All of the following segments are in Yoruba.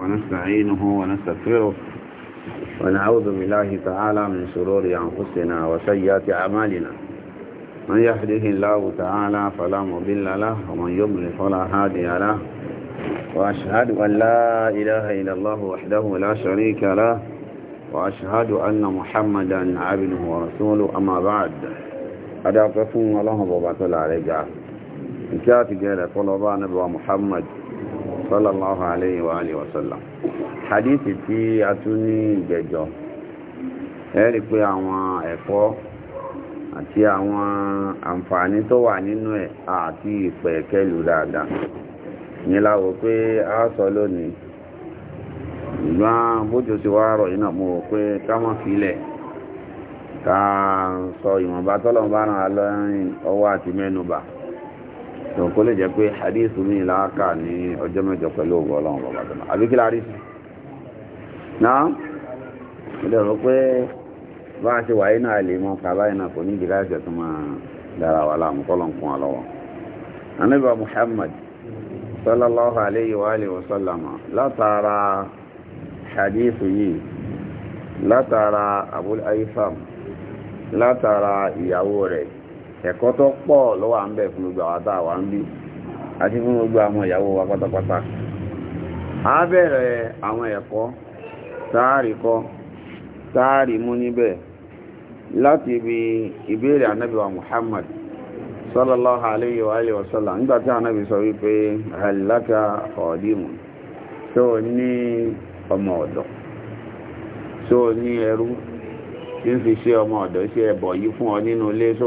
ونستعينه ونستغفره ونعوذ بالله تعالى من شرور أنفسنا وسيئات أعمالنا من يحده الله تعالى فلا مضل له ومن يضلل فلا هادي له وأشهد أن لا إله إلا الله وحده لا شريك له وأشهد أن محمدا عبده ورسوله أما بعد أدعوكم الله وبركاته عليك إن كانت جاء لطلبان محمد sallallahu alayhi wa alihi wa sallam hadithi tí a tún ní ìgbẹ́jọ ẹ̀rí pé àwọn ẹ̀kọ́ àti àwọn àǹfààní tó wà nínú ẹ̀ àti ìpẹ̀ kẹlù dáadáa níláwọ̀ pé a sọ lónìí ìgbọ́n bójú sí wá rọ̀ iná mú pé ká mọ́ fílẹ̀ ká sọ ìwọ̀nba tọ́lọ̀ bá ràn án lọ́rin ọwọ́ àti mẹ́nubà tó kó lè jẹ́ pé hadith mi láàkà ní ọjọ́ mẹ́jọ pẹ̀lú ògbọ́ ọlọ́run bàbá tó náà àbí kí la rí sí náà mo lè rò pé bá a ṣe wáyé náà lè mọ kàbá yìí náà kò ní ìdílé àṣẹ tó máa dára wà láàmú kọ́lọ̀ kún wa lọ́wọ́ anábà Muhammad sallallahu alayhi wa alihi wa sallama látara hadith yìí látara abul aifam látara ìyàwó rẹ̀ ẹ̀kọ́ tó pọ̀ lọ́wọ́ à ń bẹ̀ fún gbogbo àwọn àtàwà ń bí àti fún gbogbo àwọn ìyàwó wa pátápátá a bẹ̀rẹ̀ àwọn ẹ̀kọ́ sáàrì kọ́ sáàrì mú níbẹ̀ láti ibi ìbéèrè ànábì wa Muhammad sallallahu alayhi wa alihi wa sallam nígbà tí sọ wípé tó ní ọmọ ọ̀dọ̀ tó ní ẹrú tí ń ọ nínú ilé tó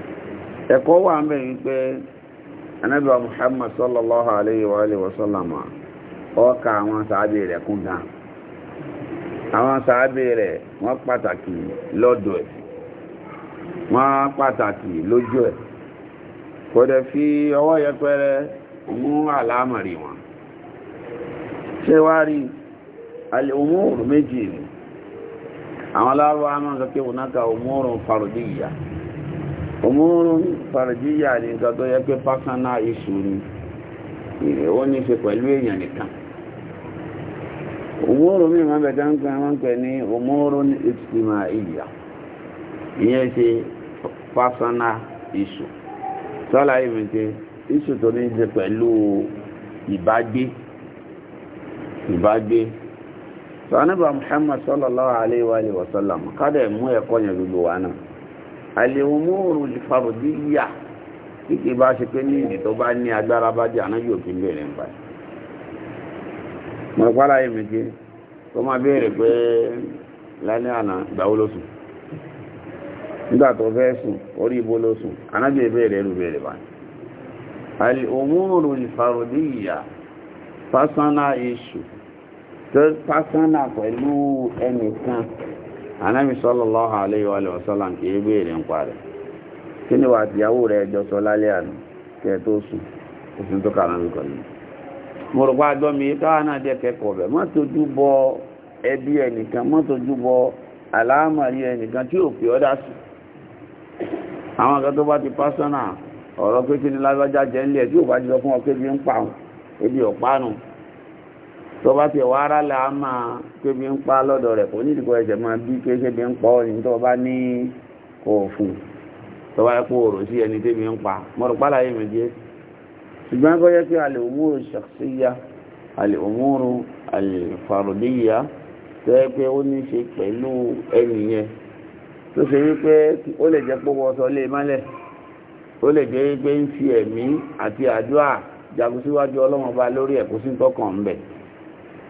ẹ̀kọ́ wà ń bẹ̀ wípé anábíwá muhammad sallallahu alayhi wa alayhi wa sallama ọkà àwọn sàábì rẹ̀ kún gan àwọn sàábì rẹ̀ wọ́n pàtàkì lọ́dọ̀ ẹ̀ wọ́n pàtàkì lójú ẹ̀ kò dẹ̀ fi ọwọ́ yẹpẹrẹ mú wọn ṣé wá rí alùmúrù méjì ni àwọn aláwọ̀ àmọ́ sọ pé òun náà ka farudiyya òmúrún fàrìjíyà ní nǹkan pasana yẹ pé pákánná iṣu ni ó ní ṣe pẹ̀lú èèyàn nìkan òmúrún mi máa bẹ̀ta ń pẹ́ wọ́n pẹ̀ ní òmúrún ìtìmá ìyà ìyẹn ṣe pákánná iṣu sọ́lá ìmìtì iṣu tó ní ṣe pẹ̀lú ìbágbé ìbágbé Muhammad sallallahu wa al-umuru al-fardiyya kíkì bá ṣe pé ní ìdí tó bá ní agbára bá jẹ́ àná yóò fi bèèrè ń báyìí mọ̀ pàdà méje tó máa bèèrè pé lálẹ́ àná ìgbàwó ló sùn nígbà tó fẹ́ sùn orí ibo ló sùn anábìyẹ bèèrè ẹrù bèèrè báyìí al-umuru al-fardiyya personal issue personal pẹ̀lú ẹnìkan anábì sallallahu alayhi wa nke kì í ni wà tìyàwó rẹ̀ ẹjọ́ sọ lálẹ́ tó sùn òsùn tó kà lórí ka mi káwa náà jẹ́ kẹ́kọ̀ọ́ bẹ̀ má bọ ẹbí ẹnìkan má tójú bọ àlámàrí ẹnìkan tí ò pè àwọn kan tó bá ti pásánà ọ̀rọ̀ pé kí ni lágbájá jẹ́ ńlẹ̀ tí ò bá jọ ebi ọ̀pá nù tọba ti ẹ̀wọ̀ ara là á máa kébi ń pa lọ́dọ̀ rẹ̀ kò ní ìdíkọ̀ ẹ̀jẹ̀ máa bí kéṣe bí ń pọ̀ ní tọba ní kò fún tọba ẹ̀kọ́ òrò sí ẹni tẹ́bi ń pa mọ̀rọ̀ pálá yìí mi jẹ́ ṣùgbọ́n kọ́ yẹ kí alẹ́ òmùrù ṣàkṣíyà alẹ́ òmùrù alẹ́ fàrọ̀díyà tọ́ ẹ pé ó ní ṣe pẹ̀lú ẹnì yẹn tó ṣe wípé ó lè jẹ́ pọ́wọ́ sọ lé e mọ́lẹ̀ ó lè jẹ́ wípé ń fi ẹ̀mí àti àdúrà jagun síwájú ọlọ́mọba lórí ẹ̀kú sí tọkàn ń bẹ̀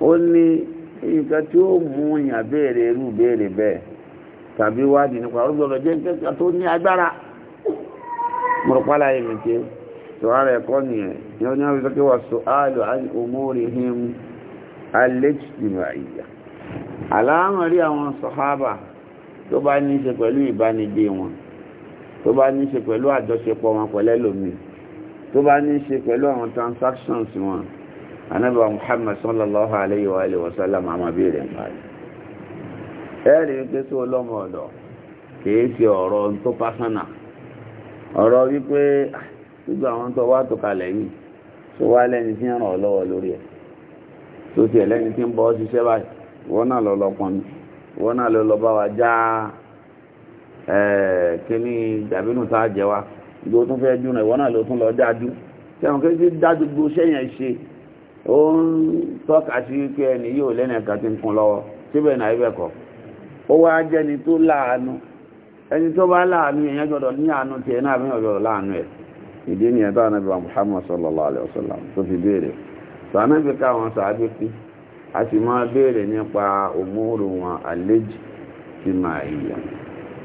ó ní nǹkan tí ó mú yàn béèrè irú béèrè bẹ́ẹ̀ tàbí wádìí nípa ó gbọ́dọ̀ jẹ́ nǹkan tó ní agbára mọ̀rọ̀pálá yìí mi ké sọ̀rọ̀ ẹ̀kọ́ nìyẹn ni ó ní wọ́n fi sọ́kẹ́ wà sọ áàlù àti òmóòrè him àyíyá aláàmọ̀ rí àwọn sọ̀hábà tó bá ní í ṣe pẹ̀lú ìbánidé wọn tó bá ní í ṣe pẹ̀lú àjọṣepọ̀ wọn pẹ̀lẹ́lòmíì tó bá ní í ṣe pẹ̀lú àwọn transactions wọn anábà muhammad sallallahu alayhi wa alayhi wa sallam a máa béèrè nípa wípé sí ọlọ́mọ ọdọ kìí ṣe ọ̀rọ̀ tó pásánà ọ̀rọ̀ wípé ah, gbogbo àwọn tó wá tó kalẹ̀ yìí tó wá lẹ́ni tí ń ràn ọ́ lọ́wọ́ lórí ẹ̀ tó tiẹ̀ tí ń bọ́ báyìí wọ́n náà lọ lọ pọn wọ́n náà lọ lọ bá wa já kíní ó ń tọ́ka sí pé ẹni yóò lẹ́nu ẹ̀ka tí ń kun lọ́wọ́ síbẹ̀ náà ibẹ̀ kọ́ ó wá jẹ́ni tó láàánú ẹni tó bá láàánú èèyàn gbọ́dọ̀ ní àánú tiẹ̀ náà fi láàánú ẹ̀ ìdí ni ẹ̀dá ànábì wa Muhammad sallallahu alayhi wa sallam tó fi béèrè káwọn a sì máa béèrè nípa wọn máa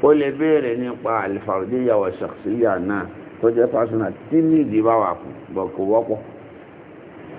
ó lè béèrè nípa ṣàkṣíyà náà tó jẹ́ tí ní ìdí bá wà fún bọ̀ kò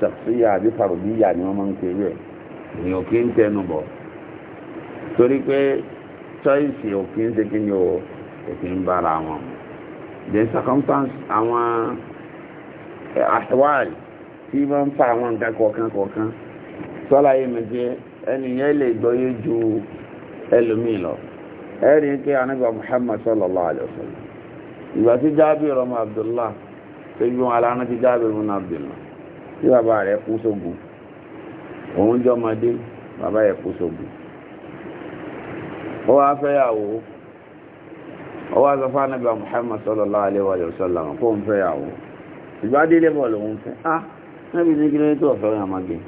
ṣàfihàn àbí fàrùbíyà ni wọ́n máa ń kéré ẹ̀ èèyàn kì í tẹnu bọ̀ torí pé choice ń ṣe kí ni o òkè ń bára wọn the circumstance àwọn àṣewárì tí wọ́n ń fa àwọn nǹkan kọ̀ọ̀kan kọ̀ọ̀kan sọ́la yìí mi jẹ́ lè ju ẹlòmíì lọ ẹ̀rí pé Muhammad sallallahu alayhi wa sallam ìgbà tí Abdullah ṣe bí wọn ti Jábìr ọmọ Abdullah. tí bàbá rẹ̀ kú sógun òun jọmọdé bàbá rẹ̀ kú sógun ó wá fẹ́yàwó ó wá sọ fánàbà Muhammad sallallahu alaihi wa sallam kó ń fẹ́yàwó ìgbádélé bọ̀ lòun fẹ́ ah níbi ní kí ló tó ọ̀fẹ́ràn àmàgé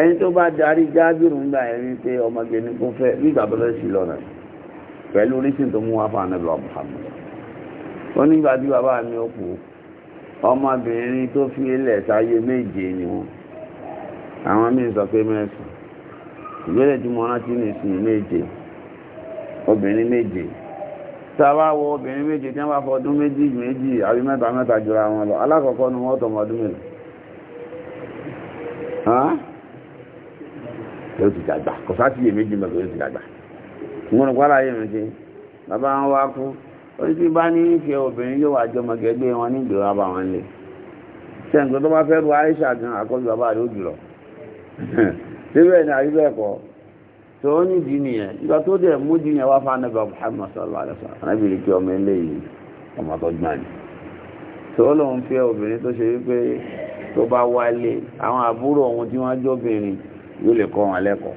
ẹni tó bá darí jábìrù ń gbà ẹni pé ọmọge ní kó fẹ́ bí bàbá rẹ̀ sí lọ́nà pẹ̀lú orísìn tó mú wá fánàbà Muhammad ó nígbà tí bàbá mi ó kú ọmọbìnrin tó fi ilẹ̀ sáyé méje ni wọn àwọn míì sọ pé mẹ́sàn ìgbélé tí mo rántí nìsín méje obìnrin méje tá a bá wo obìnrin méje tí wọ́n bá fọdún méjì méjì àbí mẹ́ta mẹ́ta jura wọn lọ alákọ̀ọ́kọ́ ni wọ́n tọmọ ọdún mélòó yóò ti dàgbà kò sá sí iyèméjì mẹ́ta yóò ti dàgbà mo rò pálá yé mi sí bàbá wọn wá kú orí tí bá ní ìfẹ́ obìnrin yóò wà jọmọ̀gẹ́ gbé wọn ní ìgbèrò àbà wọn lè ṣẹ́ǹkọ́ tó bá fẹ́ bu Aisha gan àkọ́jú bàbá rẹ̀ ó jùlọ síbẹ̀ ní àyíbẹ̀ ẹ̀kọ́ tó ó ní ìdí nìyẹn ìgbà tó dẹ̀ mú ìdí yẹn wá fún anábì Muhammad sallallahu alaihi wasallam anábì rí kí ọmọ eléyìí ọmọ tó gbà ní tó lóun fẹ́ obìnrin tó ṣe wípé tó bá wálé àwọn àbúrò òun tí wọ́n jóbìnrin yóò lè kọ́ wọn lẹ́kọ̀ọ́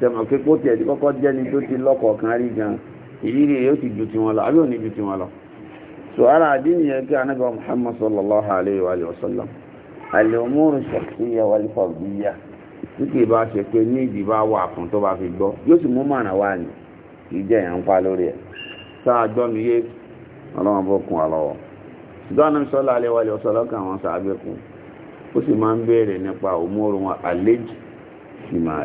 tẹmọ̀ kíkó tiẹ̀ tí kọ́kọ́ jẹ́ni tó ti ìrírí yóò ti ju tiwọn lọ àbí òní ju tiwọn lọ so ara àdínì yẹn kí anábà muhammad sallallahu alayhi wa sallam al-umur ash-shakhsiyya bá ṣe pé ní ìdí bá wà fún tó bá fi gbọ yóò sì mú wá ní kì í pa lórí sáà gbọ́ mi yé ọlọ́run bó kun alayhi wa àwọn ó sì máa ń béèrè nípa òmùrùn àlejò sì máa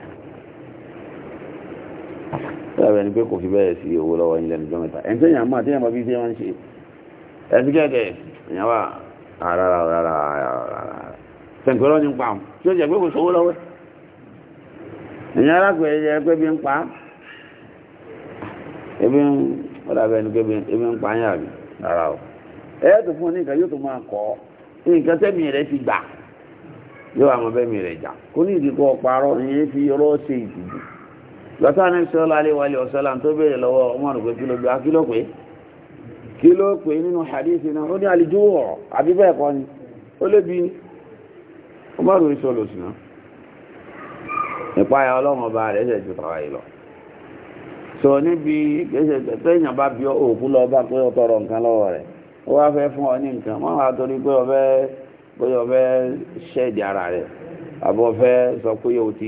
lábẹ́ ni pé kò fi bẹ́ẹ̀ sí owó lọ́wọ́ ilẹ̀ ìjọ mẹ́ta ẹni tí èèyàn máa tí èèyàn máa bí tí wọ́n ń ṣe ẹ̀sì kẹ́kẹ́ èèyàn wà ara ara ara ara tẹ̀kọ́ lọ́ni ń pa ọ́n tí ó jẹ́ pé kò sówó lọ́wọ́ èèyàn alákùn ẹ̀yẹ pé bí ń pa ebi ń ó dàbẹ́ ni pé ebi ń pa ń yàrá rárá o ẹ̀yẹ́ tó fún ọ ní nǹkan yóò tó máa kọ́ nǹkan tẹ́mi rẹ ti gbà yóò àwọn bẹ́mi rẹ̀ jà kó ní ìdíkọ̀ parọ́ ìyẹn fi ọlọ́ ṣe ìtìjú lọ́tà ní sọ́lá aléwàlẹ̀ ọ̀sọ́lá tó bèèrè lọ́wọ́ Umar pé kí ló kí ló pé kí ló pé nínú hadith náà ó ní àlejò wọ̀ àbí bẹ́ẹ̀ kọ́ ni ó lébi Umar pé sọ́lọ̀ sí nípa ẹ̀ ọlọ́run ọba rẹ̀ ṣẹ̀ ju tàwa yìí lọ sọ níbi gbèsè tẹ́yìn bá bí òkú lọ bá pé ó tọrọ nǹkan lọ́wọ́ rẹ̀ ó wá fẹ́ fún ọ ní nǹkan wọ́n wá torí pé ara rẹ̀ àbọ̀ fẹ́ sọ pé o ti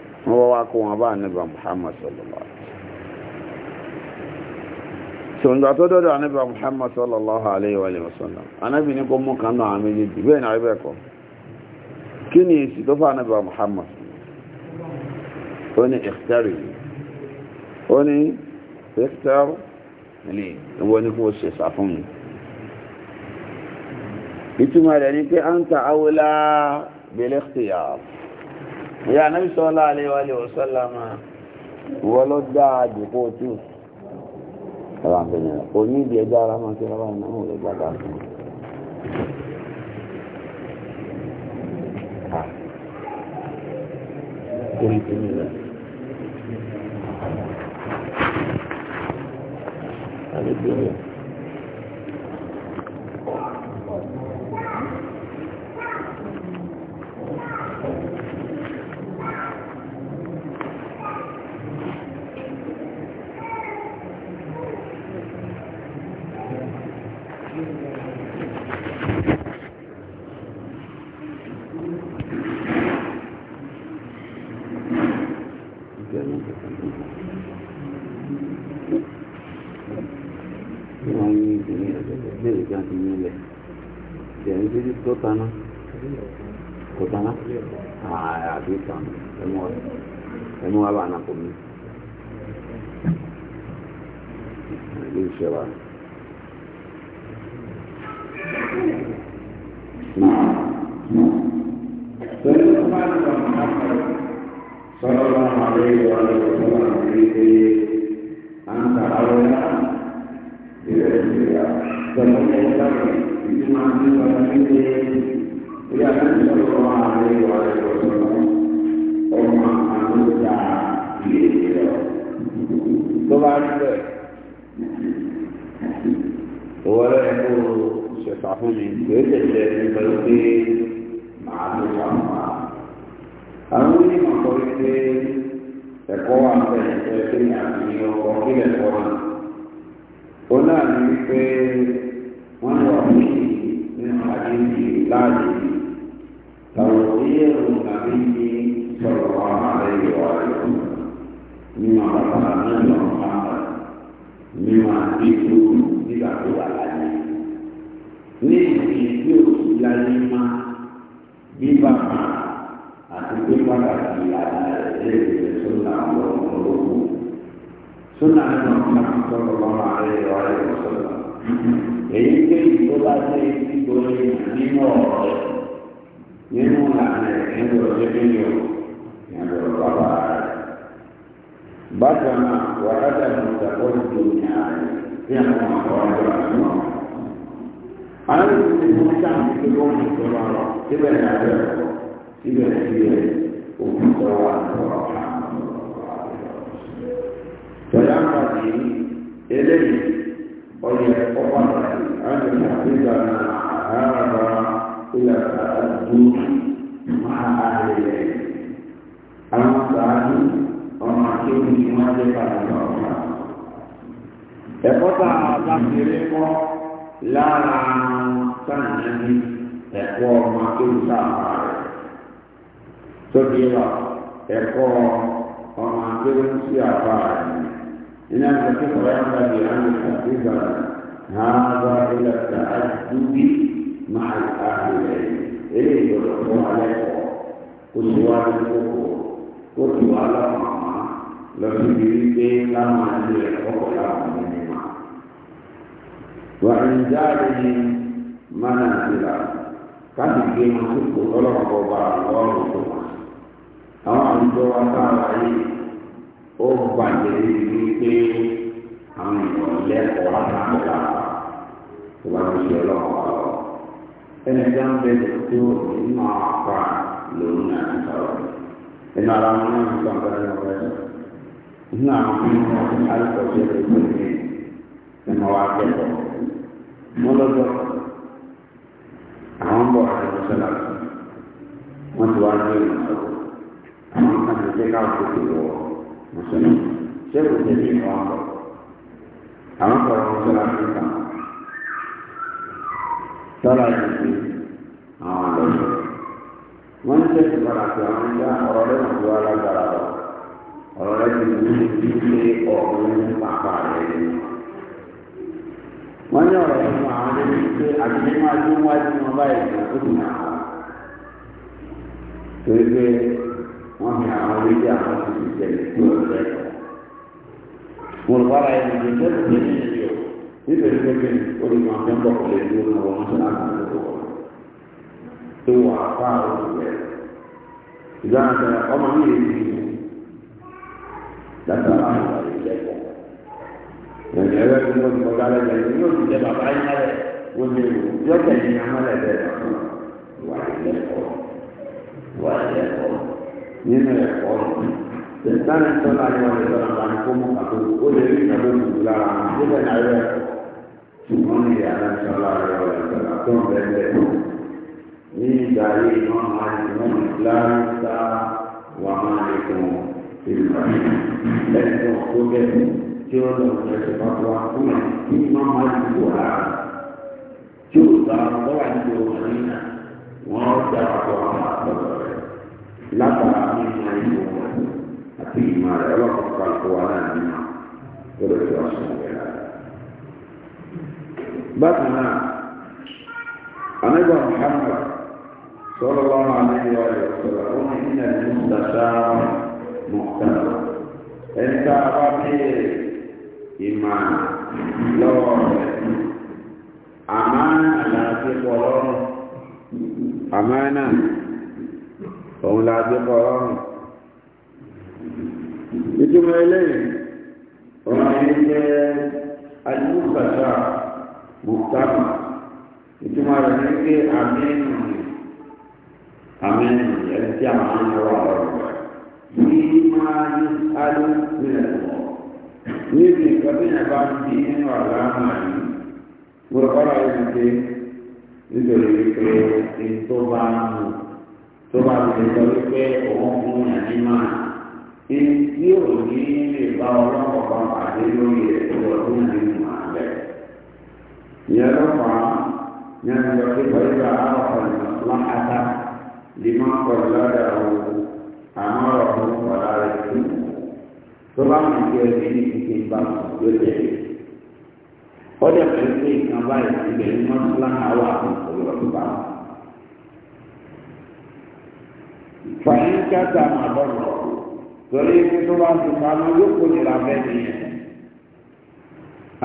wọ́n wá kó wọn bá àníbà Muhammad sallallahu alaihi wasallam sọ̀nà tó dọ́dọ̀ àníbà Muhammad sallallahu alaihi wasallam anábì ní kó mú kan náà àmì méjèèjì bẹ́ẹ̀ náà ibẹ̀ kọ́ kí ni èsì tó fà àníbà Muhammad ó ní ìkítàrí ó ní ìkítàrí ní ìwọ ní kó ṣe sàfún mi ìtumọ̀ rẹ̀ ni pé à ń ta awolá bil ìyá anábì sọ́lá aléwálé ọ̀sọ́lá máa wọ́n ló dá àjòkó tí ẹ̀rọ àfẹ́yìn òní ìdí ẹjọ́ ara máa kí ọlọ́run náà mọ̀ lè fún orí tí tiẹ̀ ń dídí tó taná kò taná àbí tán ẹmú wa bá nàpọ̀ mi ilé iṣẹ́ wa. صلى الله عليه وسلم أنت أولى بالأنبياء فمن يتقي ìtumọ̀ àti ìgbàlá nílé ìyá àti ìṣòro ààrẹ ìwà rẹ̀ lọ́sọ̀rọ̀ ọmọ àlọ́jà ilé rẹ̀. tó bá rí bẹ́ẹ̀ òwò rẹ̀ kó ṣẹ̀fà fún mi yóò tẹ̀lé nípa pé màá ló wà wá. àwọn onímọ̀ sọ wípé ẹ̀kọ́ wà bẹ́ẹ̀ náà. ní wípé wọ́n lọ sí حديث لاجئ توقير النبي صلى الله عليه وآله وسلم مما رفع النبي محمد مما يكون إذا هو العلي نسي يوسف لما ببقى أتبقى في على سنة الله سنة محمد صلى الله عليه وآله وسلم èyí pé ìgbó bá ṣe ìgbó nínú ọ̀rọ̀ rẹ̀ nínú ìlànà ìlú ọ̀rẹ́ nínú ìlú bàbá rẹ̀. bákan náà wàhálà ìgbà tó tó ní ààrẹ tí àwọn àwọn ọ̀rọ̀ rẹ̀ náà. àwọn ìlú tí wọ́n síbẹ̀ ní abẹ́ síbẹ̀ òkú wà àwọn وهي فقط أن يحفظنا هذا إلى التأدب مع أهل العلم أما التعدي وما كان في مالك يقطع تقريبا لا تنهي يقوم ما كان سافر تقريبا يقوم وما كان سافر إن الفقيه ينبغي أن يحفظ هذا إلى التأدب مع الأهل العلم إيه يقول عليك وسوى الكفر وسوى الأمامة لفكرته لما يلحق لهم منهما وإنزالهم منازلا كان في مسجد ولو أبو بكر الله سبحانه أو أن توقع عليه ó gbàgbé ní pé àwọn ìwà ilé ẹ̀kọ́ alágbèéká tó bá ń ṣe ọlọ́wọ́ ọlọ́wọ́ ẹni tí a ń bẹ tó nínú àpá lòun náà ti sọ̀rọ̀ ẹnu ara wọn náà ń sọ nǹkan ní ọ̀rẹ́ rẹ̀ nínú àwọn fún mi wọn ní alùpùpù ṣe fún mi ní mo wá kẹ́kọ̀ọ́ mo lọ́jọ́ kan. àwọn bọ̀ ọ̀rẹ́ mi sọ̀rọ̀ wọ́n ti wá ní ìrìnàjò àwọn kan ti jẹ́ káwọn tó ti wọ̀ ọ́. mùsùlùmí sẹ́kù tẹ̀lé ìwọ̀n àpọ̀ àwọn kọ̀ọ̀rọ̀ wọn sọ̀rọ̀ àfíríkà sọ̀rọ̀ àjèjì àwọn àlọ́jọ́ wọ́n ń sẹ́kù padà pé àwọn ìjà ọ̀rọ̀ rẹ̀ wọ́n ti wá lágbára lọ ọ̀rọ̀ rẹ̀ ti ní ibi pé ọ̀gbìn ní pàpà rẹ̀ ni wọ́n ní ọ̀rọ̀ fún àwọn ẹni pé àgbẹ̀ máa dún wájú wọn báyìí ní ọdún náà wọ́n fi àwọn orílẹ̀-èdè àwọn ti fi tẹ̀lé kúrò lẹ́kọ̀ọ́. Olùwárà ẹni ní ìjọba ìgbẹ́ ní ìlú yọ nítorí pé kí olùmọ̀ ọ̀gbẹ́ bọ̀ kọ̀ lè ní olùmọ̀ wọn ṣe láti ní olùkọ́. Tó wà fá olùwẹ̀. Ìgbàna sọ ọmọ mi lè fi mú látara àwọn ìlẹ́kọ̀ọ́. Ìrìn ẹ̀rọ ẹni wọ́n ti kọjá lẹ́gbẹ̀ẹ́ ní yóò ti jẹ bàbá yín lálẹ́ wọ́n lè wò yọ̀tẹ̀ ní amálẹ̀ bẹ́ẹ̀ wà ìlẹ́kọ̀ọ́ wà ìlẹ́kọ̀ọ́. 你们好，简单说来的话就是：办公大楼，我这里全部住着，这边来的，住的也很少了，现在总得得，你这里什么人？什么人？啥？我买的房，吧？那个我租的，就那些大客户啊，你他妈住过来，就当公安局的，我下不来。látara nínú ìlú wọn àti ìmọ̀ rẹ̀ ọlọ́kùnrin kan kó wa náà nínú tó lè fi ọ̀sán rẹ̀ rà. bákan náà anábọ̀ Muhammad sọ́lọ́ wọn àlejò ayọ̀ sọ̀rọ̀ ó ní ní mùsàtàrà mùsàtàrà ẹni tá a bá béèrè ìmọ̀ lọ́wọ́ rẹ̀ àmọ́ àlàáfíà pọ̀ lọ́rùn àmọ́ náà òun la gbé kọ ọrùn ìtumọ̀ eléyìí òun ni jẹ́ alúkàtà bùkátà ìtumọ̀ rẹ̀ ní pé àmínú àmínú ẹni tí a máa ń lọ́wọ́ ọ̀rọ̀ rẹ̀ ní máa ní alú nílẹ̀ níbi nǹkan tí yẹn bá ń di nínú àlàáfà yìí gbọ́dọ̀ kọ́ra yìí ti dé nítorí pé ètò bá ń mú tó bá ti sọ wípé òun fún yàn ní máa tí ò ní lè bá ọlọ́pàá kan pàdé lórí rẹ̀ tó wọ́n fún yàn nínú àlẹ́. ìyẹn ló fà á yẹn ń lọ sí pẹ̀lú àwọn ọ̀nà láhàtà lè máa pọ̀jù lọ́dọ̀ àwọn àmọ́ ọ̀rọ̀ fún rẹ̀ tó tó bá wọn jẹ́ ẹni ní kíkẹ́ ìgbà yóò jẹ́ ọjọ́ pẹ̀lú pé ìkan báyìí ti bẹ̀rẹ̀ mọ́tò láhàá wà fún ọ̀rọ̀ tó bá wọn. fàyín kíáta mà lọ́rọ̀ torí ibi tó bá ti sànú yóò kó nira bẹ́ẹ̀ nìyẹn.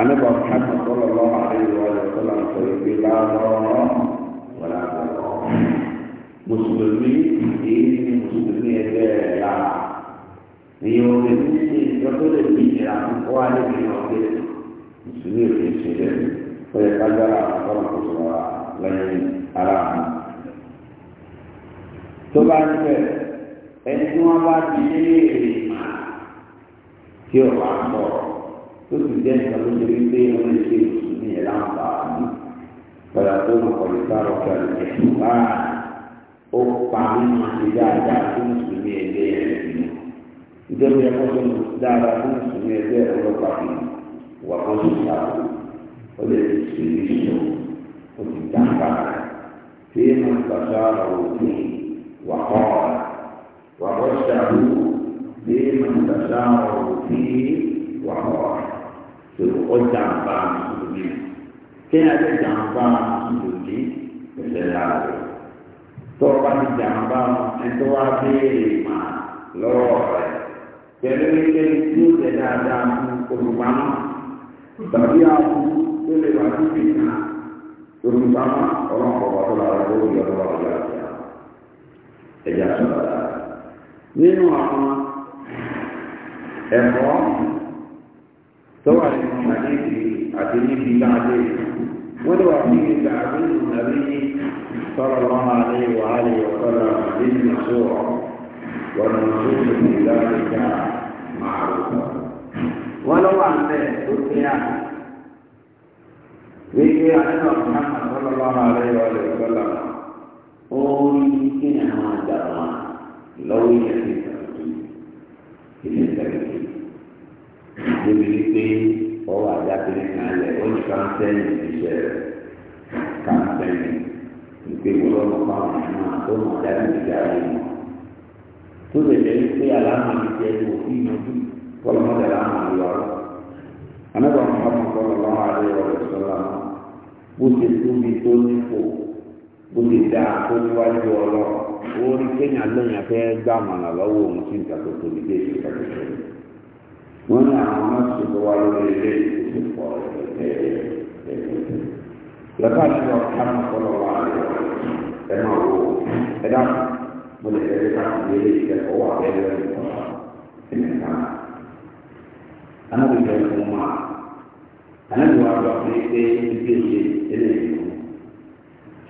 anábọ̀ káàtó sọ̀rọ̀ lọ́wọ́ àríwá ọ̀yọ́ sọ́lá ń sọ ìpè láàárọ̀ wọ́n á bọ̀ mùsùlùmí èyí ni mùsùlùmí ẹgbẹ́ rẹ̀ la èyàn ò lè ní ṣe ìjọba lè ní ìnira ó wá lè ní ọ̀gbẹ́ mùsùlùmí ò lè ṣe lẹ́nu ó yẹ ká àwọn ọ̀rọ̀ kò sọ̀rọ̀ lẹ́yìn ara àwọn. tó bá ń bẹ̀ ẹni tí wọ́n bá ti ní èrè mà tí ò bá pọ̀ tó sì jẹ́ nǹkan tó ṣe wípé lè ṣe láǹfààní padà tó bá ó pa nínú dáadáa tó nínú ìjọba tó dáadáa tó fi wà kó sáré ó lè ó وقال وغشه بما تشاء فيه وقال تقول جنبا مسلمين كان جنبا مسلمين بسلاله توبة جنبا أنت وابيري ما لوري pẹ̀lú ilé tí ó tẹ̀ dáadáa fún olùpamọ́ tàbí àwọn tó lè wà níbi kan olùpamọ́ ọlọ́pàá wà tó lára lórí ọlọ́pàá ẹ̀yà sọ̀rọ̀ nínú àwọn ẹ̀kọ́ tó wà nínú àdéhìí àti níbi láàdé wọ́n lè wà ní ìgbà àbínú nàbí sọ̀rọ̀ wọn àlẹ́ ìwà àlẹ́ ọ̀sọ̀rọ̀ nínú ìṣòro wọn lọ sí ìlú ìdáríkà máa rò wọ́n lọ́wọ́ àǹtẹ̀ tó ti à wípé àdínà ọ̀sán àtọ́lọ́lọ́rọ̀ àlẹ́ ìwà àlẹ́ ọ̀sọ̀rọ̀ orí kí ni àwọn àdàmà lọ́wọ́ yẹn ti tàbí ilé tẹ̀lé débi wípé ọwọ́ àdábìrin kan lẹ̀ ó ní kánsẹ́lì iṣẹ́ rẹ̀ kánsẹ́lì wípé wọ́n lọ́mọ fáwọn ọmọ tó mọ̀ dájú ìjà rẹ̀ mọ̀ tó lè lẹ́ wípé aláàmà mi jẹ́ ní òfin ìyanjú kọ́lọ́mọdé aláàmà mi wà lọ. anábàámu ọmọ kọ́lọ́ àdéhùn ọ̀rẹ́ sọ́lá bó ṣe tóbi tó nípò ó lè dá tó níwájú ọlọ orí kenya lóyún afẹ́ gbàmọ̀nà lọ́wọ́ òun sí nǹkan tó tóbi dé sí tó tóbi. wọ́n ní àwọn mọ́tò tó wá lórí ilé ìgbésẹ̀ pọ̀ lọ́tà tí wọ́n ká mọ́ fọlọ́ wà ẹ máa wò ẹ dáhùn mo lè fẹ́ ká sí ilé ìkẹ́kọ̀ọ́ wà bẹ́ẹ̀ lọ́wọ́ ìkọ́lá ẹ̀mí ká. anábìyẹ fún wa anábìyẹ wa gbà pé pé ibi èsè eléyìí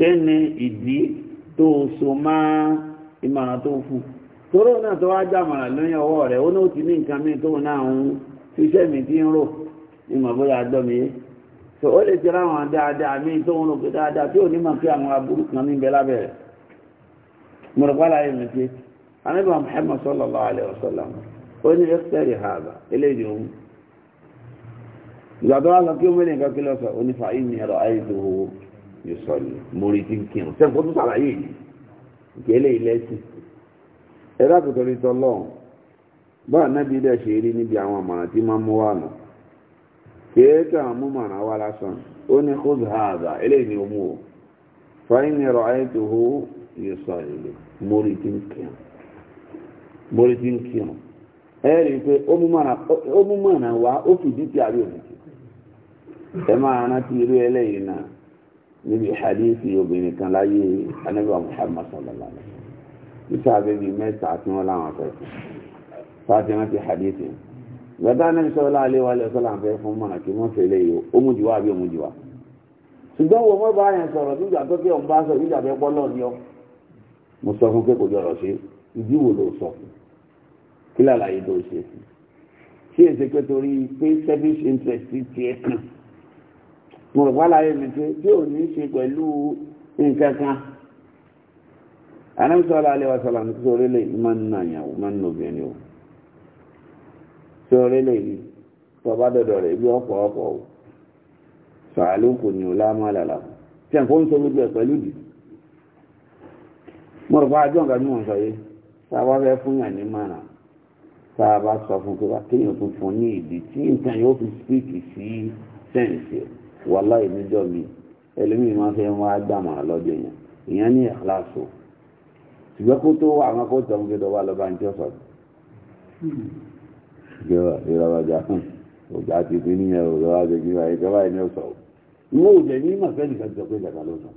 kẹ́ni ìdí tó so máa ìmọ̀ràn tó fún tóró náà tó wá jàmàrà lóyìn ọwọ́ rẹ̀ ó náà ti ní nǹkan mí tó náà mi tí ń rò so ó lè jẹ́ láwọn dáadáa mí tó ń rò dáadáa tí ò ní mọ̀ pé àwọn aburú kan ní bẹ́ẹ̀ lábẹ́rẹ̀ mo rò anábà Muhammad sallallahu alaihi ó ní yusọ̀lì mórí tí ń tó sàlàyé yìí ìkẹ́lẹ́ ilẹ̀ sí ẹ̀rọ àtòtòrí tọ́lọ́run bá nábi dẹ̀ ṣe rí níbi àwọn àmàrà tí máa mú wà nù kéèkà mú màrà wá lásán ó ní kóòtù eléyìí ni o fáyínì rọ àìtò hó yusọ̀lì mórí tí ń kírun mórí ẹ rí i pé ó ó ẹ níbi hadith obìnrin kan láyé anábíà muhammad sallallahu alaihi wasallam isa abẹ́bí mẹ́ta tí wọ́n láwọn fẹ́ fún fàtí wọ́n ti hadith yẹn gbàdá anábì sallallahu alaihi wasallam fẹ́ fún mọ́nà kí wọ́n fẹ́ léyìí omujiwa àbí omujiwa ṣùgbọ́n wọ́n mọ́ bá yẹn sọ̀rọ̀ nígbà tó kí ọ̀n bá sọ nígbà tó pọ́lọ́ ni ọ́ mo sọ fún kékòó jọrọ̀ ṣe ìdí wo ló sọ kí lálàyé tó ṣe ṣé èsèké torí pé service interest ti ẹ̀ kàn mo rò wálàyé mi pé tí ò ní ṣe pẹ̀lú nǹkan kan anamsọ́lá alẹ́ wasọ́lá ní sọ orílẹ̀ yìí máa ń nà àyàwó máa ń nà obìnrin o sọ orílẹ̀ yìí tó bá dọ̀dọ̀ rẹ̀ bí ọ̀pọ̀ ọ̀pọ̀ o sàálù kò ní o láàmú àlàlà tí à ń sọ gbogbo ẹ̀ pẹ̀lú dì mo rò pa àjọ nǹkan mímọ̀ sọ yìí tá fẹ́ fún yàn ní mànà tá sọ fún pé wá kéèyàn tó fún ní ìdí tí nǹkan yóò fi spíkì sí sẹ́ǹsì ẹ̀ wàláì níjọ́ mi ẹlòmíì máa fẹ́ wá gbàmọ̀ lọ́dọ̀ yẹn ìyẹn ní ìkíláàsì ṣùgbọ́n kó tó wà àwọn akọ́tọ̀ ń gbẹdọ̀ wà lọ́ba níjọ́ sọ̀rọ̀ ìjọba ìjọba ìjà fún ọ̀gá ti fi níyẹn ò lọ́wọ́ àti ìjọba ìjọba ìní ọ̀sọ̀ ìwọ òjẹ̀ ní màfẹ́ nìkan jọ pé ìjàgbá ló sọ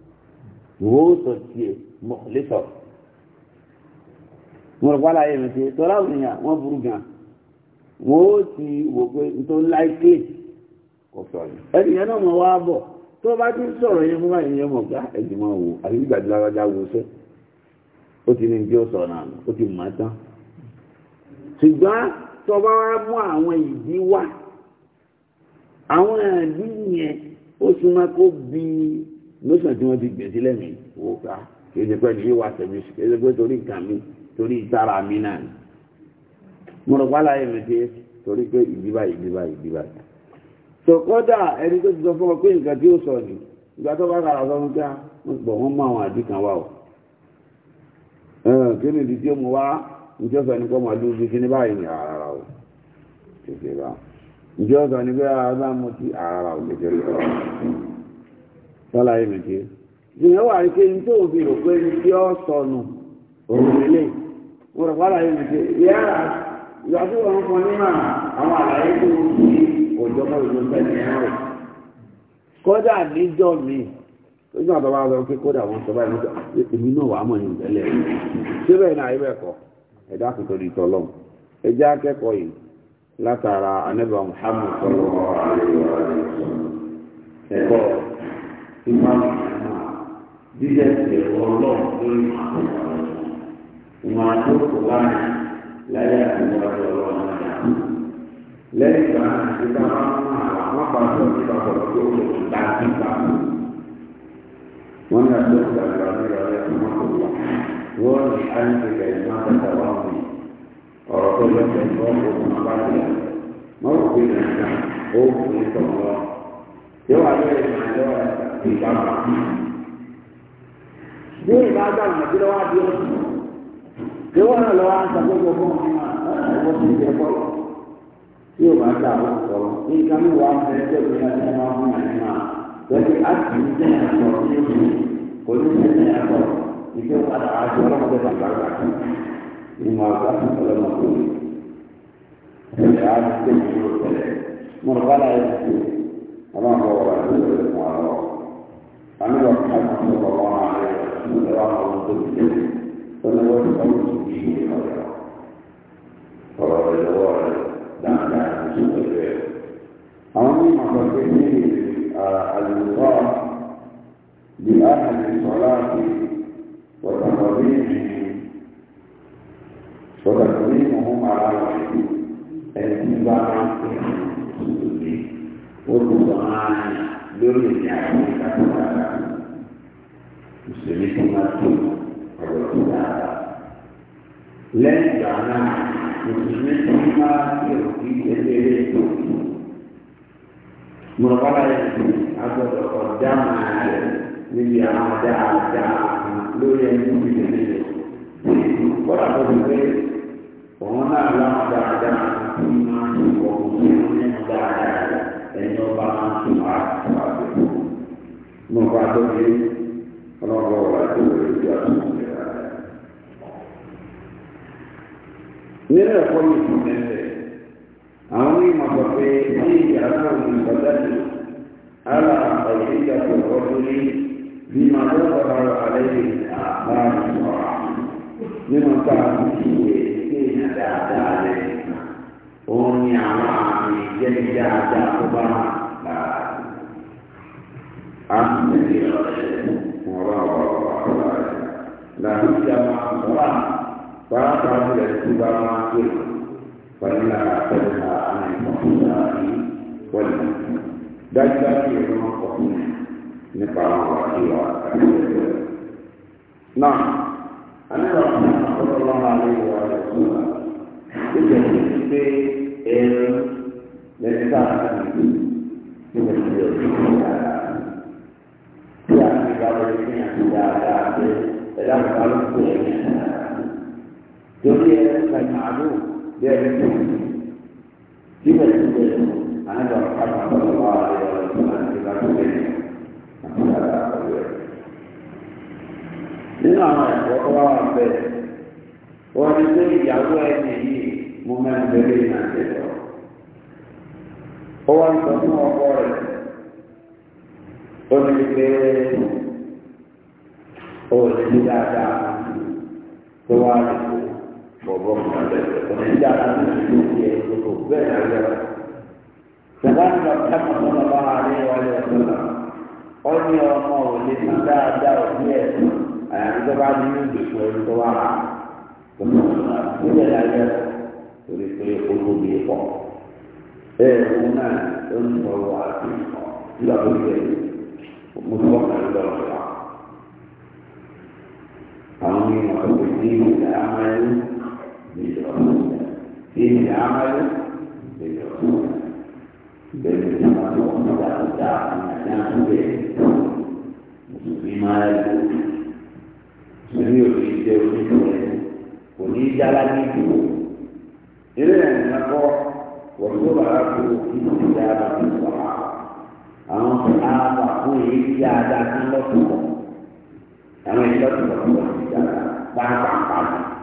ìwọ ó sọ tiẹ̀ mọ̀lẹ́sọ̀ mo rọ̀ pálá yẹn mi ti tọ́lá òmìnira wọ́n burú gan wọ́n ó ti wò pé nítorí láìpẹ́ ẹni yẹn náà mọ̀ wá bọ̀ tó bá ti sọ̀rọ̀ yẹn mú báyìí yẹn mọ̀ gbá ẹ̀jẹ̀ máa wò àti nígbà tí lágbájá wo sẹ́ ó ti ní bí ó sọ̀rọ̀ náà ó ti mọ̀ tán ṣùgbọ́n tó bá wá mú àwọn ìdí wá àwọn ìdí yẹn ó súnmọ́ kó bí lóṣàn tí wọ́n ti gbèsè lẹ́nu ìwò ká ah, kìí ṣe pé ní wíwá tẹ̀mí kìí ṣe pé torí nǹkan mi torí ìtara mi náà mo rọ̀ pálá yẹn mi ti torí pé ìdí báyìí ìdí báyìí ìdí báyìí. tó kọ́dà ẹni tó ti sọ fún ọ pé nǹkan tí ó sọ ìgbà tó bá kàrà sọ fún ah, wọ́n mú àwọn àdìkan wà ó kí ni ìdí tí ó mú wá njẹ́ sọ ní kọ́ máa dúró bí báyìí ní bá sọ ní pé ah, ti àràrà ó kéde bá sọ́la yìí mi ìyẹn wà ní pé ní tó fi rò pé ní òun mo rò ọjọ́ mọ́ ìlú mẹ́rin náà kódà níjọ́ mi lójú àtọ́ bá lọ pé kódà wọn sọ báyìí níjọ́ èmi náà wà á mọ̀ ní ìbẹ̀lẹ̀ ṣé bẹ́ẹ̀ náà ibẹ̀ kọ ẹ̀dá kò tó di tọ́lọ́m ẹjẹ́ akẹ́kọ̀ọ́ yìí látara anẹ́bà Muhammad sọlọ́ ẹ̀kọ́ ìmọ̀ jíjẹ́ ìṣẹ̀wọ̀ ọlọ́run lórí ìmọ̀ àti òkú láyé àti ìmọ̀ lẹ́yìn ìgbà náà ti bá wọn pa sọ nípa pọ̀ tó lè ta nípa wọn ní àti ọ̀gá ìgbà nígbà rẹ̀ ọmọ kò wá wọ́n ní àyíkẹ́kẹ́ ìmọ̀ àtàtà wà wọ́n ọ̀rọ̀ tó lọ́kẹ́ tó ń bọ̀ wọn bá tẹ̀ wọ́n rò pé nàìjíríà ó fi tọ̀ lọ yóò wá lórí ìrìnàjò ìgbà wà. bí ìgbà yóò wá lọ́wọ́ wọn ní àwọn ọmọ tó ń jẹ tí o bá dá o sọ̀rọ̀ nǹkan mi wà fẹ́ tó bí a ti máa fún yàrá máa lọ́sí a kì í tẹ̀ ẹ̀ sọ̀rọ̀ ní oṣù kò ní tẹ̀ ẹ̀ sọ̀rọ̀ ìfẹ́ padà aṣọ ọlọ́mọdé bàbá rà kí ìmọ̀ àgbà tó sọ̀rọ̀ náà tó yẹ. ẹ̀rẹ̀ á ti tẹ̀ ẹ̀ yóò tẹ̀lẹ̀ mo rọ̀ bá láyé ti ọmọ àgbà wà lórí ní wọ́n ti sọ̀rọ̀ dáadáa tó pẹ̀lú ẹ̀. àwọn mímọ̀ sọ pé ní àlùkò bí a kàn lè sọ láti wọ̀tàkọ̀bí ní wọ̀tàkọ̀bí mọ̀ mọ́ ara rẹ̀ ẹ̀sìn bá ń pè é ó tó sọ máa lórí ìrìn àjò ìdájọ́ mùsùlùmí tó máa tó ọ̀rọ̀ tó dáadáa lẹ́yìn ìgbà náà mùsùlùmí tó ń bá èrò kí kékeré tó mùrọ̀bára yẹn agbọ̀dọ̀ ọ̀dá máa rẹ̀ níbi àwọn ọ̀dá àdá lórí ẹni tó fi lè lè bọ́dà tó fi pé òun náà láwọn ọ̀dá àdá tó máa ń sùn ọ̀hún sí ní ọ̀dá àdá ẹni ọba máa ń sùn wá wá bẹ̀rẹ̀ tó fi ọlọ́run ọ̀rọ̀ àti òwe ìjọ àti nínú ẹ̀kọ́ yìí fún ẹ̀rẹ̀ àwọn ní ìmọ̀tọ̀ pé ní ìyá náà ní ìbàdàdì ara ọ̀rọ̀ ìjà tó kọ́ lórí bí màá lọ́wọ́ ọ̀rọ̀ alẹ́ yìí àbá ìwọ̀ra nínú tá a ti fi wé ìyá dáadáa rẹ̀ òun ni àwọn àmì ìjẹ́ni dáadáa tó bá wà á sì tẹ̀lé ọ̀rẹ́ wọn bá wà wà wà láti ìjà máa wà. Bapa dan juga makhluk Pernah terhadap Yang mempunyai Pernah Dan juga dia memang kohon Ini para wakil Nah Ini wakil Allah Alaihi Wasallam Ini jadi El Nesta Ini jadi Ini jadi Ini jadi Ini jadi Ini jadi Ini jadi Ini jadi Ini torí ẹni ka nyàlú bí ẹni tó kí bẹ tó bẹ àná ká tó bá wà lọ tó bá ti bá tó bẹ àti ká tó bá nínú àwọn ẹ̀kọ́ tó wà wà bẹ́ẹ̀ wọ́n ti tó ìyàwó ẹni yìí mo máa ń bẹ̀rẹ̀ àti ẹ̀rọ. ó wá ń sọ fún ọkọ rẹ̀ ó ní pé ó lè ní dáadáa tó wà lọ bọ̀bọ̀ òní tí a bá ti fi ló yẹ kókó bẹ́ẹ̀ náà yẹ wá. Bàbá mi lọ ká mọ̀ lọ́nà bá wà ní ìwọlé ọ̀sán náà. Ó ọmọ ò lè dáadáa òní ẹ̀ àyàfi bá ní ìdòkú ẹni tó wà rà. Tòmọ̀ ọ̀nà ìbílẹ̀ náà yẹ torí pé olóbi e pọ̀. Ẹ òun náà ó ń sọ wà sí ìkọ̀ nígbà tó yẹ e, mo sọ ọ̀nà ìlọ́ọ̀rọ̀ wa. Àwọn ènìyàn kò sí ìlú فيه العمل بالرسول بالتمسك والتعب الناس به بما يجوز سريع الجوز ونيجالانيكو إلى أن نقول والصلاة في استجابة الصلاة àwọn sọ̀rọ̀ fún èyí tí a dá sí lọ́sọ̀rọ̀ àwọn ìjọsìn lọ́sọ̀rọ̀ ti dára pàápàá pàápàá.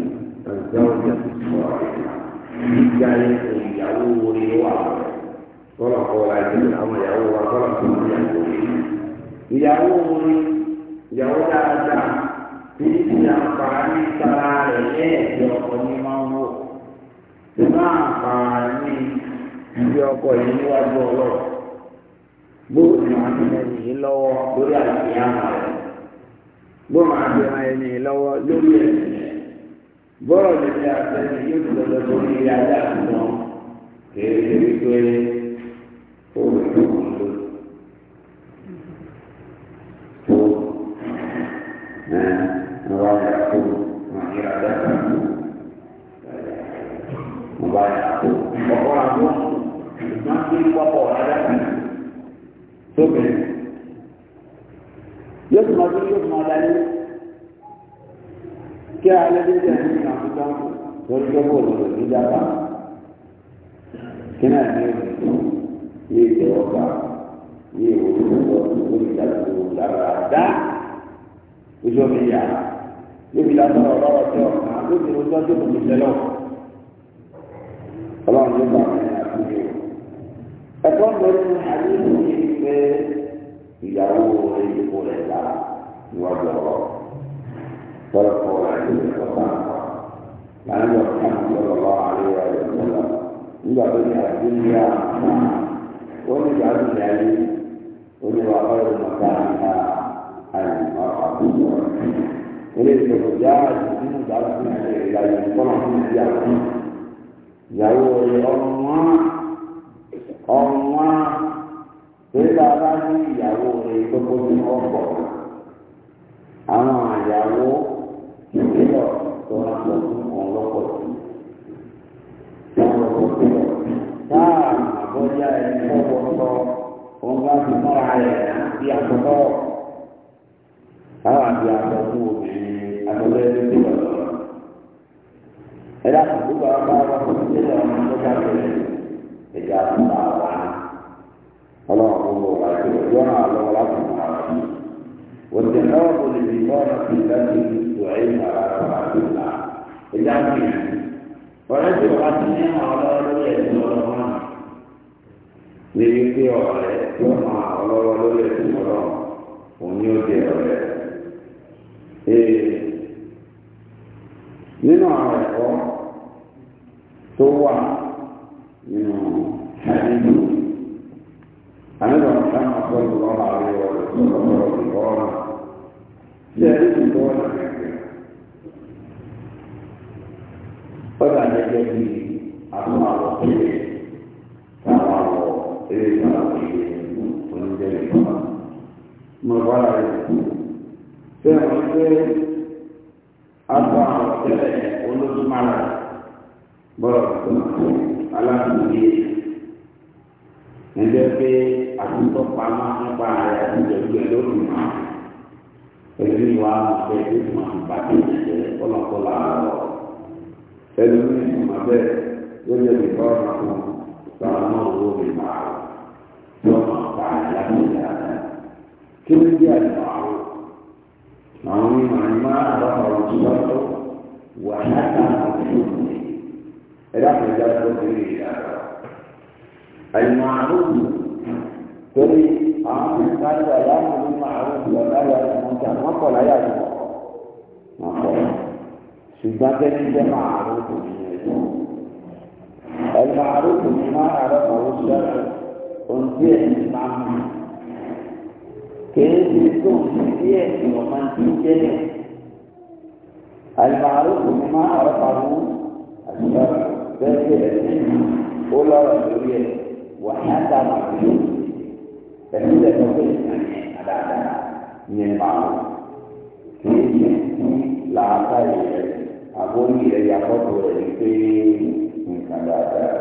àjọyọ̀ sọ̀rọ̀ àti ẹni lọ́wọ́ lórí ẹ̀sìn bọ́ọ̀lù níbi àtẹ̀lẹ́ yóò ti lọ́dọ̀ tó ní ilé ajá àtúnwọ̀n kéèrè wípé òwe tó kù ló. tó ẹ mo bá yà tó mà ní ajá àtúnwọ̀n mo bá yà tó ọkọ àgbo má sí pọ́pọ̀ ajá àtúnwọ̀n tó bẹ̀rẹ̀ yóò tún máa tó yóò tún máa dání jẹ́ alẹ́dẹ́dẹ́ ní àbújá lórí gbogbo òdòdó ní dábà kí náà ní ilé ìjọba ní ìwòsàn lórí ìdádúró dáradá ojú omi yà lóbi lásán ọ̀rọ̀ ọ̀tọ̀ lóbi lójú ọjọ́ tó ti tẹ́lọ̀ ọlọ́run ló bá mi àkúrò ẹ̀kọ́ lórí àdéhùn yìí ìyàwó rẹ̀ ìdìbò rẹ̀ dá níwájú ọ̀rọ̀. ورقوا عليه وسلم لأن محمد صلى الله عليه وسلم إذا بدأ الدنيا ونجعل ذلك ونبقى غير مكانها المرأة وليس الرجال يمكن تعرف من لا ينطلع من الرجال يهو الله الله Bébà bá ní ìyàwó rẹ̀ tó kó ní ọ̀pọ̀. Àwọn àyàwó tẹ́lọ̀ tó ń lọ fún ọlọ́pọ̀ sí. Táà àbọ̀já ẹni fọ́wọ́ sọ, òun bá fi mọ́ra rẹ̀ bí àtọ́kọ́. Táwọn àti àtọ́ fún obìnrin àtọ́lẹ́ ní tẹ́lọ̀ lọ. Ẹ dákun tó bá bá wà fún tẹ́lọ̀ ọmọ tó bá tẹ̀lé ẹ̀já fún àwa. Ọlọ́run kò wọ àti ìjọ́ra àlọ́ láti mọ̀ àwọn. Wọ́n ti náà kò lè rí bọ́ọ̀lù ìdájọ́ وعلم رفعت الله لكن ورجل أسمع على رؤية الله ليكي على وما على رؤية الله ونيوتي عليه ေနင်းနာရတော့သိုးဝနင်းနာဟန်ဒီအဲ့တော့ဆမ်းမပေါ်တော့ပါလေတော့ဘောတော့ဘောတော့ကျေးဇူးတော် ọ̀dà gẹ́gẹ́ bí àwọn àwọn ìpínlẹ̀ táwọn àwọn eré ìgbàlá kò ṣe oníjẹ́ ìjọba. Mo bá ara rẹ̀ kú. Ṣé àwọn ṣe aṣọ àwọn ìpínlẹ̀ olóṣùmára bọ́lá tó aláàbòye ẹgbẹ́ pé àtúntò pamọ́ nípa ààrẹ àtúntò ìgbẹ́ lórí mọ́. Pẹ̀lú ìwà àwọn ọ̀fẹ́ tó máa ń ìṣẹ̀lẹ̀ kọ́lọ́kọ́lọ́ àárọ̀. كان من المعباة والذي فرحهم فعلموا بالمعروف وما فعل لهم الأعلام كل جاء المعروف معروف عن ما رفع الجبرة وحكم بحكمه رحل جلسة في المعروف تري عام قال لا يوجد معروف ولا يوجد متعمق ولا يوجد ṣùgbọ́n tẹ́lẹ̀ jẹ́ màrúf nìyẹn ẹ̀rọ màrúf ni máa yàrá màrúf sẹ́rẹ̀ ohun tí ẹ̀yìn máa ń mú kìí ṣe tó ń ṣe bí ẹ̀sìn ọmọ tí ń jẹ́ lẹ̀ ẹ̀rọ màrúf ni máa yàrá màrúf sẹ́rẹ̀ bẹ́ẹ̀ ṣe ẹ̀sìn ó lọ́rọ̀ lórí ẹ̀ wà á dá màrúf ẹ̀mí lẹ́tọ̀ọ́ pé ìkànnì àdáadáa ìyẹn màrúf kìí ṣe tí làákàyè rẹ̀ àbórí rẹ̀ yàtọ̀tọ̀ rẹ̀ ní pé nǹkan dáadáa.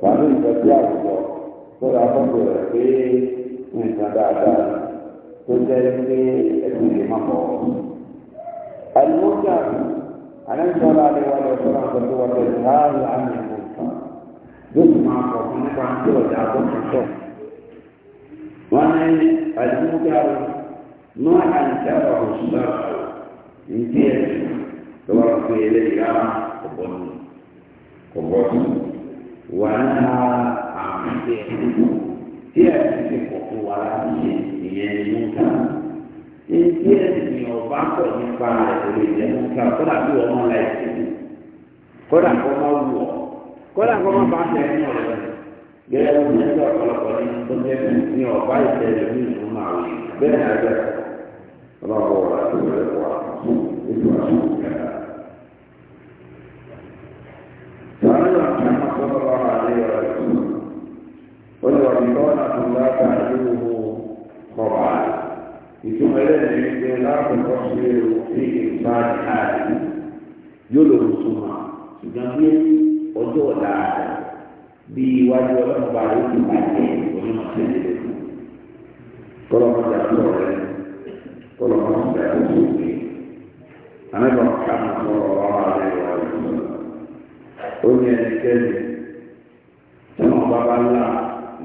Pàdé ìtọ́jú àwùjọ tó yàtọ̀tọ̀ rẹ̀ pé nǹkan dáadáa tó jẹ́ pé ẹ̀sùn lè má bọ̀. Àlùmọ́jà àlẹ́sọ̀rọ̀ àdéwálé ọ̀sọ́rọ̀ àtọ́jú wọn lè láàrú àmì ìmọ̀ta. Yóò sì máa kọ̀ fún nípa tí ọ̀dà àbọ̀tún sọ̀. Wọ́n ní àlùmọ́jà náà àìsàn ọ̀sọ́rọ̀ ìdí ẹ̀sùn lọ́wọ́ pé eléyìí rárá kò bọ́ nù kò bọ́ nù wà ní àmì tí ẹ̀ ti pọ̀ fún wa láti ṣe ìyẹn ní múta ìdí ẹ̀sìn ọba pọ̀ nípa rẹ̀ kò lè jẹ́ múta kódà bí wọ́n máa láì sí i kódà kó máa wù ọ́ kódà kó máa bá tẹ̀ ẹ́ ní ọ̀rẹ́ gẹ́gẹ́ bí wọ́n ti ọ̀pọ̀lọpọ̀ ní tó jẹ́ ní ọba ìṣẹ̀lẹ̀ ní ìlú máa wù bẹ́ẹ̀ ni àgbẹ̀ ọlọ́wọ́ wa ti rẹ̀ wá fún ìlú àti ìgbà وأنا محمد صلى الله عليه وسلم قل وبطانة لا تعلمه قرآن في إنسان حالي يلوه ثم سجنبه ọjọ́ ọ̀la bí iwájú ọlọ́mọba ló ti bàjẹ́ onímọ̀ sílẹ̀ lẹ́nu kọlọ́mọdé àtọ̀ rẹ kọlọ́mọdé àtọ̀ rẹ anábọ̀ kàmọ́ ọ̀rọ̀ ọ̀rọ̀ rẹ wà lọ́wọ́ ó ní ẹnikẹ́ni tí wọ́n bá bá ńlá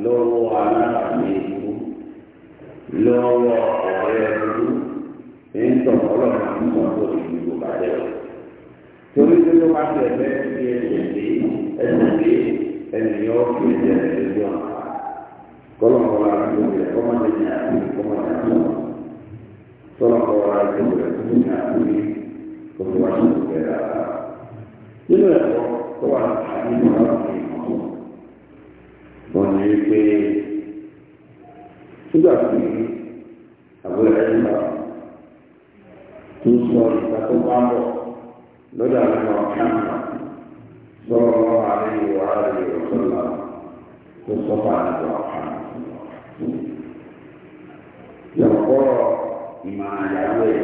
lọ́wọ́ aláàbí ìlú lọ́wọ́ ọ̀rẹ́ ìlú ní tọ̀ ọlọ́run àti sọ́kò ìlú bàjẹ́ o. torí tí ó bá ti ẹ̀fẹ́ fi ẹsẹ̀ dé ẹsẹ̀ dé ẹnìyàn fi ẹsẹ̀ rẹ̀ lójú ọ̀nà. kọ́lọ́kọ́lá àti òkèlè kọ́mọ́tẹ́ni àti kọ́mọ́tẹ́ni sọ́lọ́kọ́lá àti òkèlè kọ́mọ́tẹ́ni tó wà nínú ọ̀rọ̀ wọn ni wípé nígbà tí àbúrò ẹni náà tó sọ ìgbà tó bá bọ̀ lọ́dọ̀ àwọn ọ̀kan náà sọ̀rọ̀ wọn àárín ìwà rẹ̀ ọ̀tọ̀ náà tó sọ fún àdúgbò ọ̀kan. Yàtọ̀ ìmọ̀ àyàwó ẹ̀.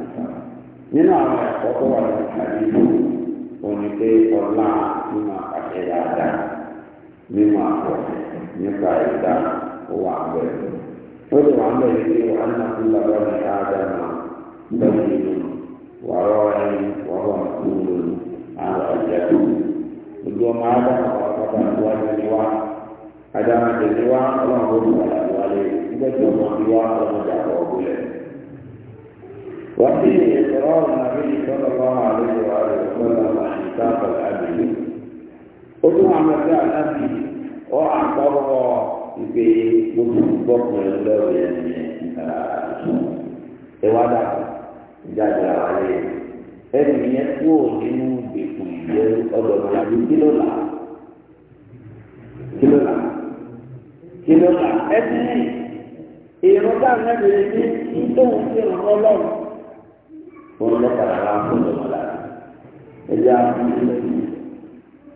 nínú àwọn ẹ̀kọ́ tó wà lórí àdìgbò òní pé ọlá mímọ̀ àpàṣẹ dáadáa mímọ̀ àpọ̀ nípa ìdá ó wà ó sì wà bẹ́ẹ̀ ní pé wà ní àkúlà lọ́nà àádọ́nà lọ́nà ìlú ẹni àwọn ọ̀jẹ̀ tó. ọmọ wà wá tẹ̀lé ọlọ́run ti wá وفيه إقرار النبي صلى الله عليه وآله وسلم خطاب الأبي أدعى متاع الأبي وأعتبر ìwádà ẹni yẹn nínú ìyẹ ẹni ní tó ń fi ràn Pula para lampu tu malah. Jadi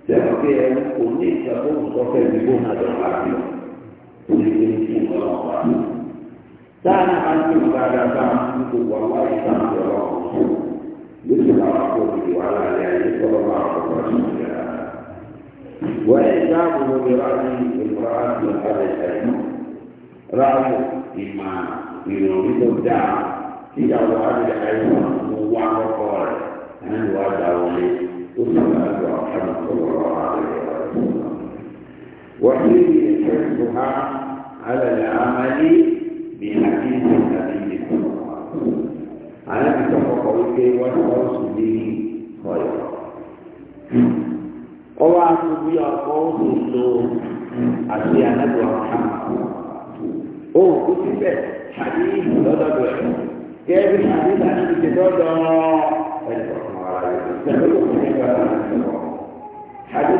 jadi okay, unik satu sokong ibu nado lagi. Unik ini semua lagi. Dan hati pada kami itu bahwa kita adalah Jadi kita aku diwala ya, jadi kalau aku berjaya. Wahai kamu berani berani berani berani berani berani berani berani berani ìyàwó àgbẹ̀ àìsàn mo wá kọ́kọ́ rẹ̀ nínú àgbà wọlé ó sì máa lọ àwọn ọ̀rọ̀ àgbẹ̀ ọ̀rọ̀ wọ́n ti rí ìṣẹ́gun ha alẹ́ àmàlí bí àkíyèsí àti ìṣẹ́gun àwọn ìṣẹ́ kọ̀ọ̀kan wípé wọ́n ti wọ́n sùn ní ọ̀yọ́. ọwọ́ àtúbí ọkọ̀ òṣèlú àti àná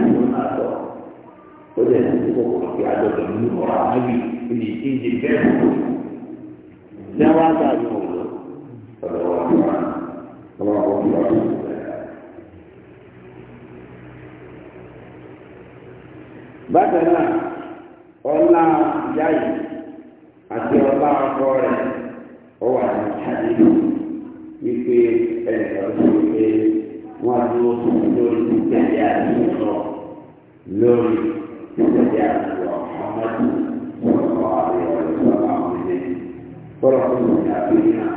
ìlú náà lọ ó lè ní ìdíkò kò sí àjọyọ̀ ní ọ̀rọ̀ àmọ́bí ní ìdí bẹ́ẹ̀ lọ. lẹ́wọ́ àgbà yóò lọ ọ̀dọ̀ wà fún wa fún wa. náà ọlá yìí àti ọlá ọkọ wà ní ẹnìkan ń pè wọn tó. lórí títẹ̀lé àjọ ọmọdé sọ̀rọ̀ ààrẹ ọ̀rẹ́ sọ̀rọ̀ àwọn ilé kọ́rọ̀ tó ń ṣe àfihàn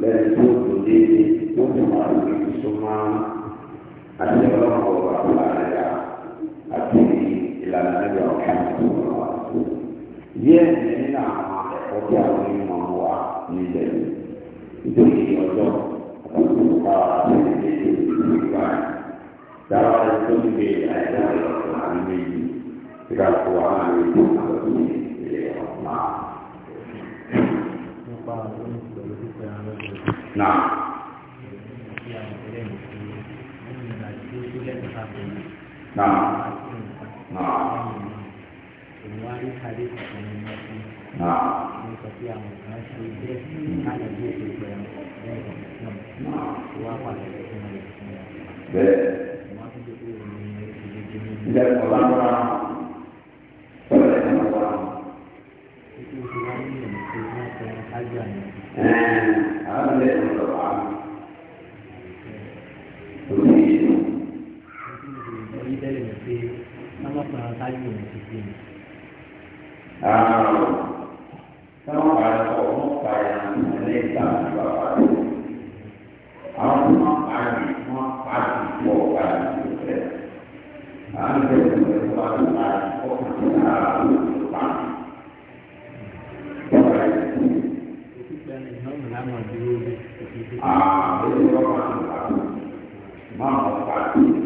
lẹ́nu tó tó déédé tó tó máa ń fi tó máa ń àti ọlọ́mọ ọ̀rọ̀ àwọn ààrẹ àti ìlànà ẹgbẹ́ ọ̀kan sọ̀rọ̀ àti díẹ̀ nínú àwọn ẹ̀kọ́ tí àwọn onímọ̀ wa nílẹ̀ nítorí ọjọ́ àti ìgbà àti ìdíje ìgbà yìí. Dalam itu di ada Al-Quran ini Jika al ini Nah Nah Nah Nah Nah lẹ́kọ̀ọ́ lára ọ̀rẹ́ kan wá. àwọn ilé ìwòsàn wà lórí ìṣù. Àwọn táwọn àlọ́ ọ̀hún pààyàn ní ẹ̀ka àti bàbá rẹ̀. Àwọn Ah, ini orang-orang Mama tak